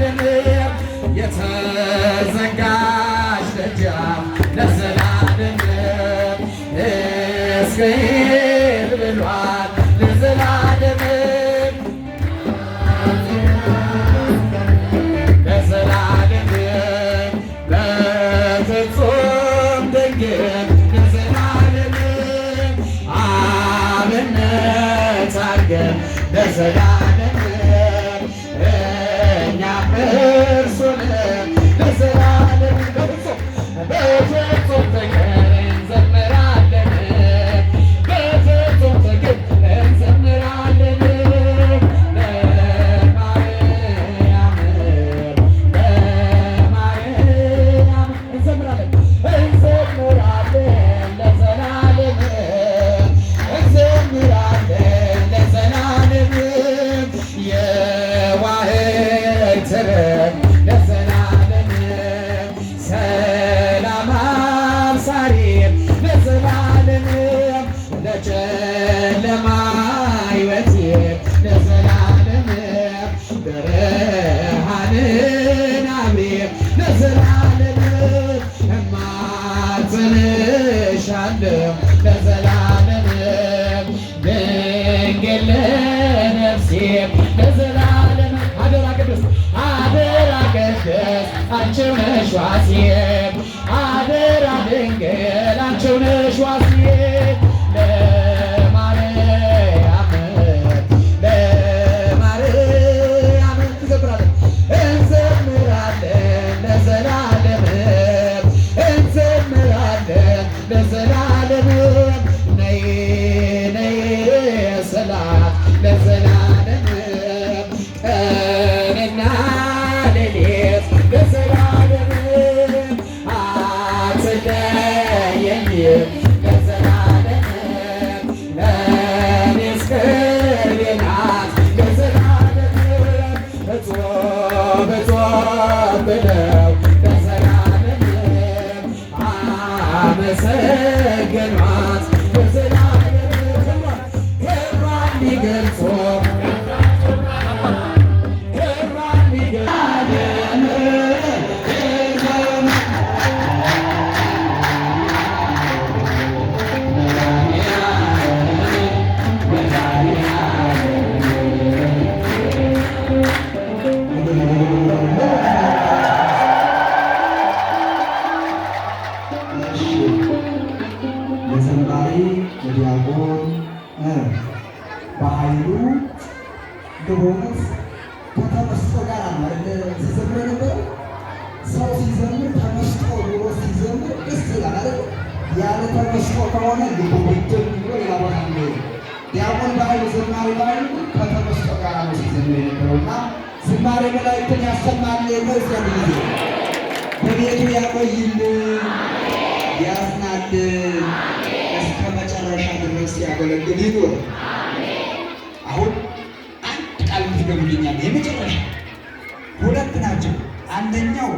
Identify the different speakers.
Speaker 1: አይቻልም የተዘጋች ደጃፍ ለዘላለም እስክል ብሏል ለዘላለም ለዘላለም ለፍጹም ድንግል ለዘላለም አብነት አድርገን ለዘላ ዛሬም ለዘላለም ለጨለማ ሕይወቴ ለዘላለም ብርሃንን አብሬ ለዘላለም እማጸንሻለሁ ነሽ ዋሴብ አደራ ድንግል አንቺው ነሽ ዋሴብ ለማርያም ለማርያም እንዘምራለን እንዘምራለን ለዘላለም እንዘምራለን ለዘላለም ነይ ነው ተዘጋበለ አመሰገኗ
Speaker 2: ድሆነት ከተመስጦ ጋር ማለት ሲዘምር ነበር። ሰው ሲዘምር ተመስጦ ድሮ ሲዘምር ደስ ይላል ያለ ተመስጦ ከሆነ ልቦብድር ብሎ ሌላ ዲያቆን ባህሉ ዝማሬ ባህሉ ከተመስጦ ጋር ነው ሲዘምር የነበረው ዝማሬ መላእክትን ያሰማል የመዝገብ ጊዜ በቤቱ ያቆይልን ያዝናልን እስከ መጨረሻ ድረስ ያገለግል ይኑር። አሁን አንድ ቃል ትገቡልኛል። የመጨረሻ ሁለት ናቸው። አንደኛው